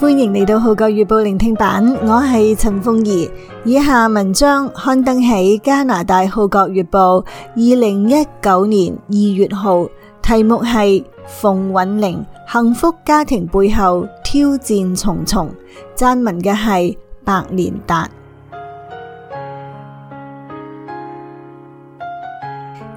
歡迎嚟到《號角月報》聆聽版，我係陳鳳儀。以下文章刊登喺加拿大《號角月報》二零一九年二月號，題目係《馮韻菱：幸福家庭背後挑戰重重》，撰文嘅係白連達。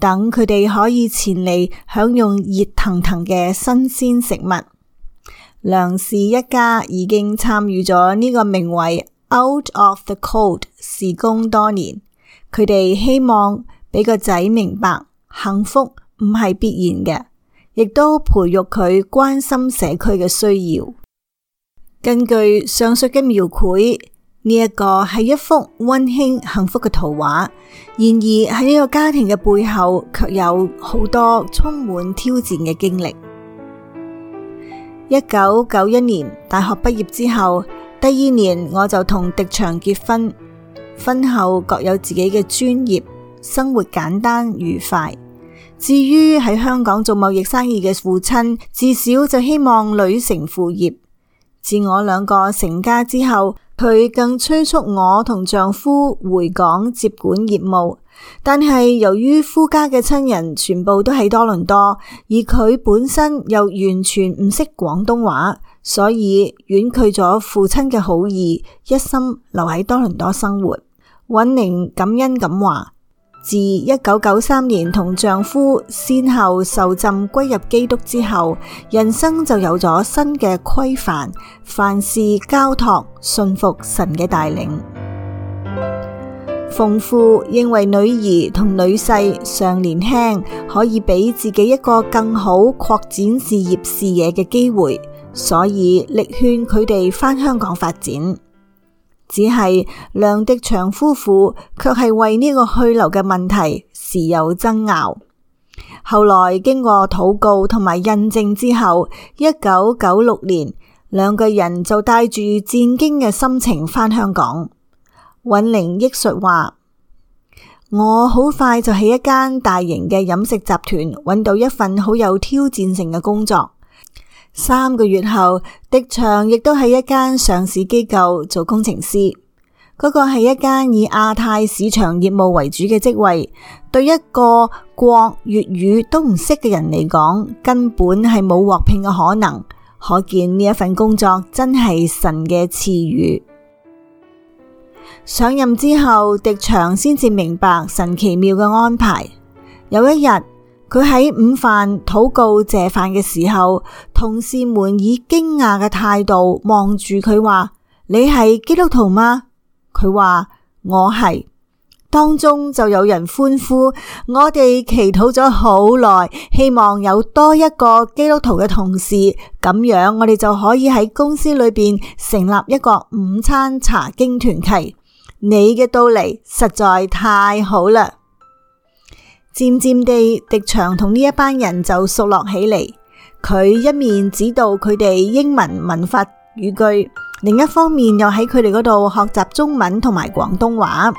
等佢哋可以前嚟享用熱騰騰嘅新鮮食物。梁氏一家已經參與咗呢個名為 Out of the Cold 事工多年，佢哋希望畀個仔明白幸福唔係必然嘅，亦都培育佢關心社區嘅需要。根據上述嘅描繪。呢一個係一幅溫馨幸福嘅圖畫，然而喺呢個家庭嘅背後，却有好多充滿挑戰嘅經歷。一九九一年大學畢業之後，第二年我就同迪祥結婚，婚後各有自己嘅專業，生活簡單愉快。至於喺香港做貿易生意嘅父親，至少就希望女承父業。自我兩個成家之後。佢更催促我同丈夫回港接管業務，但係由於夫家嘅親人全部都喺多倫多，而佢本身又完全唔識廣東話，所以婉拒咗父親嘅好意，一心留喺多倫多生活。韻菱感恩咁話。自一九九三年同丈夫先後受浸歸入基督之後，人生就有咗新嘅規範，凡事交託、信服神嘅帶領。馮 父認為女兒同女婿尚年輕，可以俾自己一個更好擴展事業視野嘅機會，所以力勸佢哋返香港發展。只係梁迪祥夫婦，卻係為呢個去留嘅問題時有爭拗。後來經過禱告同埋印證之後，一九九六年，兩個人就帶住戰兢嘅心情返香港。韻菱憶述話：我好快就喺一間大型嘅飲食集團揾到一份好有挑戰性嘅工作。三個月後，迪祥亦都喺一間上市機構做工程師。嗰、那個係一間以亞太市場業務為主嘅職位，對一個國粵語都唔識嘅人嚟講，根本係冇獲聘嘅可能。可見呢一份工作真係神嘅賜予。上任之後，迪祥先至明白神奇妙嘅安排。有一日。佢喺午飯禱告謝飯嘅時候，同事們以驚訝嘅態度望住佢，話：你係基督徒嗎？佢話：我係。當中就有人歡呼：我哋祈禱咗好耐，希望有多一個基督徒嘅同事，咁樣我哋就可以喺公司裏邊成立一個午餐查經團契。你嘅到嚟實在太好啦！漸漸地，迪祥同呢一班人就熟絡起嚟。佢一面指導佢哋英文文法語句，另一方面又喺佢哋嗰度學習中文同埋廣東話。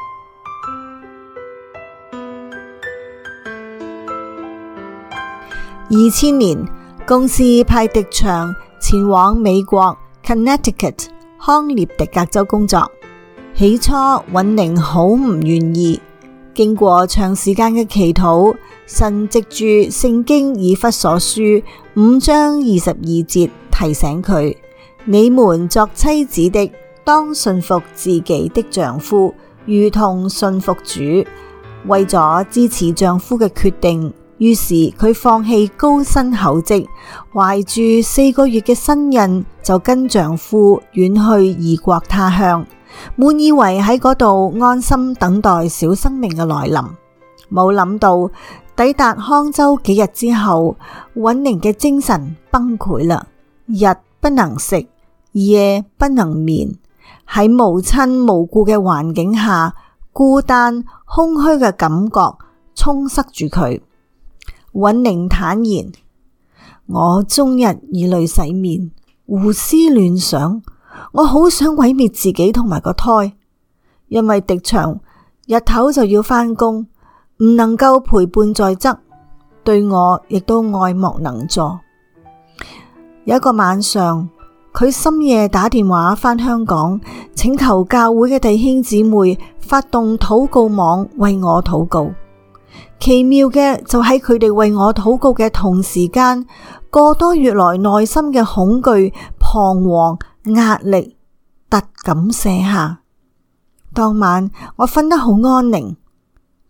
二千年，公司派迪祥前往美國 Connecticut 康涅狄格州工作。起初，韻菱好唔願意。經過長時間嘅祈禱，神藉住聖經以弗所書五章二十二節提醒佢：你們作妻子的，當順服自己的丈夫，如同順服主。為咗支持丈夫嘅決定，於是佢放棄高薪厚職，懷住四個月嘅身孕，就跟丈夫遠去異國他鄉。滿以為喺嗰度安心等待小生命嘅來臨，冇諗到抵達康州幾日之後，韻菱嘅精神崩潰啦，日不能食，夜不能眠，喺無親無故嘅環境下，孤單空虛嘅感覺充塞住佢。韻菱坦言：我終日以淚洗面，胡思亂想。我好想毀滅自己同埋個胎，因為迪祥日頭就要返工，唔能夠陪伴在側，對我亦都愛莫能助。有一個晚上，佢深夜打電話返香港，請求教會嘅弟兄姊妹發動禱告網為我禱告。奇妙嘅就喺佢哋為我禱告嘅同時間，個多月來內心嘅恐懼彷徨。壓力突然卸下，當晚我瞓得好安寧。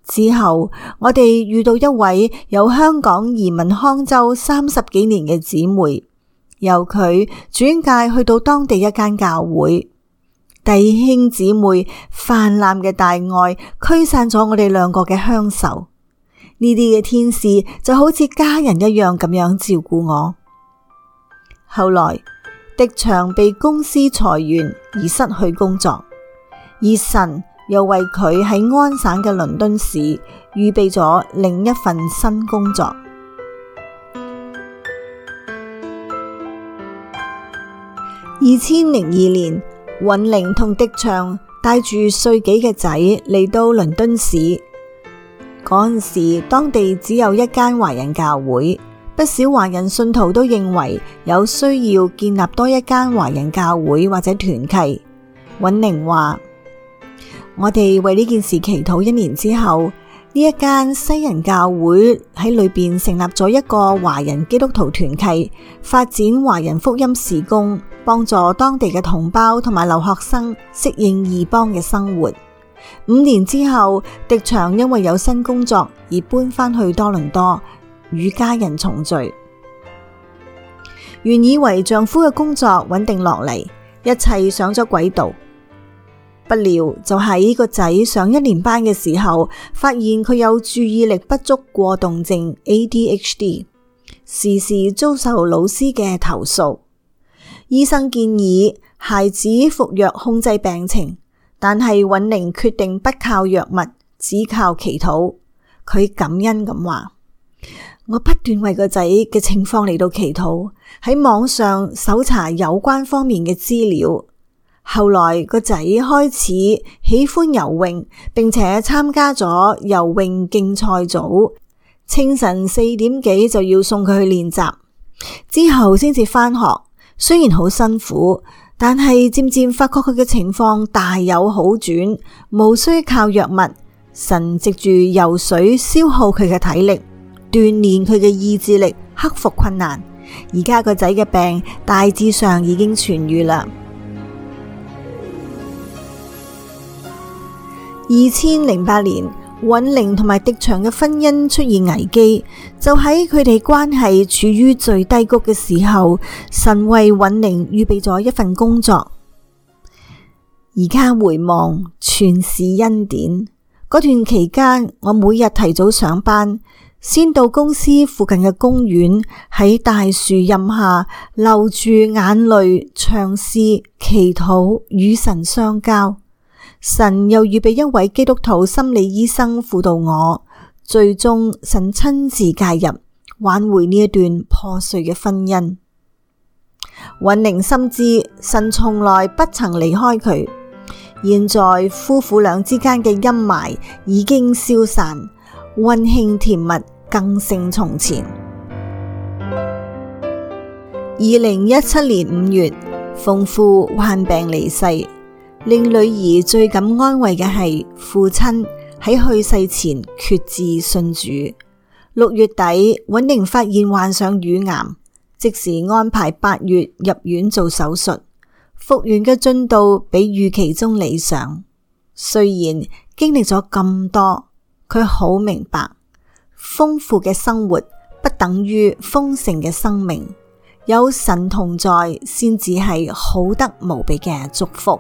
之後我哋遇到一位由香港移民康州三十幾年嘅姊妹，由佢轉介去到當地一間教會。弟兄姊妹泛濫嘅大愛驅散咗我哋兩個嘅鄉愁，呢啲嘅天使就好似家人一樣咁樣照顧我。後來。迪祥被公司裁員而失去工作，而神又為佢喺安省嘅倫敦市預備咗另一份新工作。二千零二年，韻菱同迪祥帶住歲幾嘅仔嚟到倫敦市，嗰陣時當地只有一間華人教會。不少華人信徒都認為有需要建立多一間華人教會或者團契。韻菱話：我哋為呢件事祈禱一年之後，呢一間西人教會喺裏邊成立咗一個華人基督徒團契，發展華人福音事工，幫助當地嘅同胞同埋留學生適應異邦嘅生活。五年之後，迪祥因為有新工作而搬返去多倫多。與家人重聚，原以為丈夫嘅工作穩定落嚟，一切上咗軌道。不料就喺個仔上一年班嘅時候，發現佢有注意力不足過動症 （ADHD），時時遭受老師嘅投訴。醫生建議孩子服藥控制病情，但係韻菱決定不靠藥物，只靠祈禱。佢感恩咁話。我不斷為個仔嘅情況嚟到祈禱，喺網上搜查有關方面嘅資料。後來個仔開始喜歡游泳，並且參加咗游泳競賽組。清晨四點幾就要送佢去練習，之後先至返學。雖然好辛苦，但係漸漸發覺佢嘅情況大有好轉，無需靠藥物，神藉住游水消耗佢嘅體力。鍛煉佢嘅意志力，克服困難。而家個仔嘅病大致上已經痊癒啦。二千零八年，韻菱同埋迪祥嘅婚姻出現危機，就喺佢哋關係處於最低谷嘅時候，神為韻菱預備咗一份工作。而家回望，全是恩典。嗰段期間，我每日提早上班，先到公司附近嘅公園，喺大樹蔭下流住眼淚，唱詩祈禱與神相交。神又預備一位基督徒心理醫生輔導我，最終神親自介入，挽回呢一段破碎嘅婚姻。韻菱深知神從來不曾離開佢，現在夫婦倆之間嘅陰霾已經消散。溫馨甜蜜更勝從前。二零一七年五月，馮父患病離世，令女兒最感安慰嘅係父親喺去世前決志信主。六月底，韻菱發現患上乳癌，即時安排八月入院做手術。復原嘅進度比預期中理想，雖然經歷咗咁多。佢好明白，豐富嘅生活不等於豐盛嘅生命，有神同在先至係好得無比嘅祝福。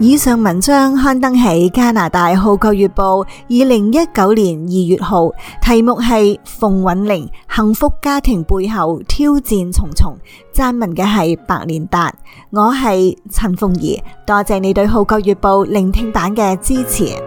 以上文章刊登喺加拿大《號角月報》二零一九年二月號，題目係馮韻菱，幸福家庭背後挑戰重重，撰文嘅係白蓮達，我係陳鳳儀，多謝你對《號角月報》聆聽版嘅支持。